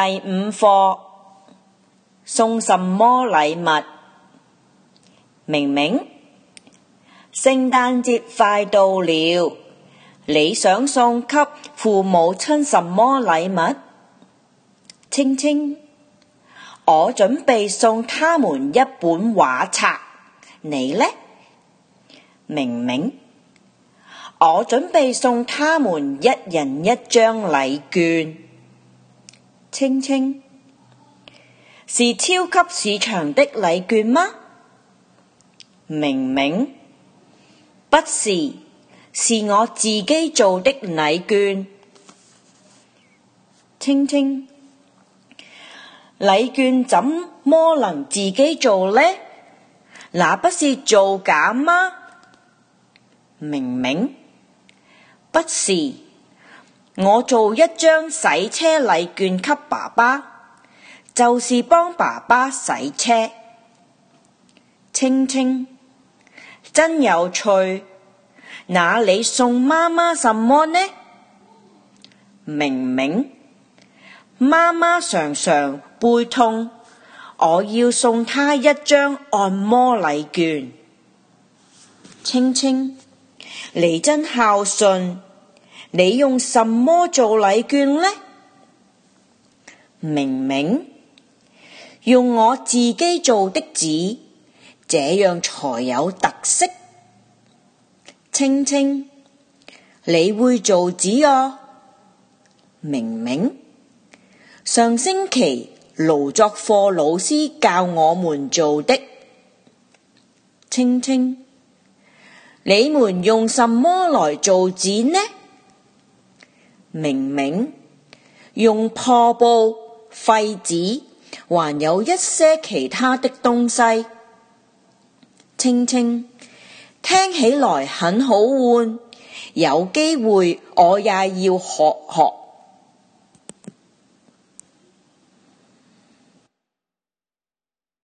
第五課送什麼禮物？明明，聖誕節快到了，你想送給父母親什麼禮物？青青，我準備送他們一本畫冊。你呢？明明，我準備送他們一人一張禮券。青青，是超級市場的禮券嗎？明明，不是，是我自己做的禮券。青青，禮券怎麼能自己做呢？那不是造假嗎？明明，不是。我做一張洗車禮券給爸爸，就是幫爸爸洗車。青青，真有趣。那你送媽媽什麼呢？明明，媽媽常常背痛，我要送她一張按摩禮券。青青，你真孝順。你用什麼做禮券呢？明明，用我自己做的紙，這樣才有特色。青青，你會做紙哦、啊。明明，上星期勞作課老師教我們做的。青青，你們用什麼來做紙呢？明明，用破布廢紙，還有一些其他的東西。清清，聽起來很好玩。有機會我也要學學。